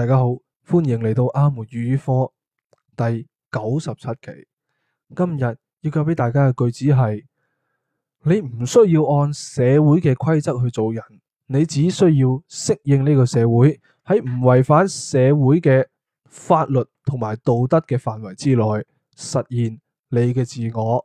大家好，歡迎嚟到阿門粵語課第九十七期。今日要教俾大家嘅句子係：你唔需要按社會嘅規則去做人，你只需要適應呢個社會，喺唔違反社會嘅法律同埋道德嘅範圍之內，實現你嘅自我。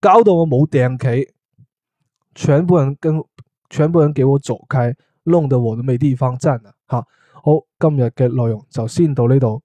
搞到我冇碇企，全部人跟，全部人畀我走開，弄得我都沒地方站了，哈。好，今日嘅內容就先到呢度。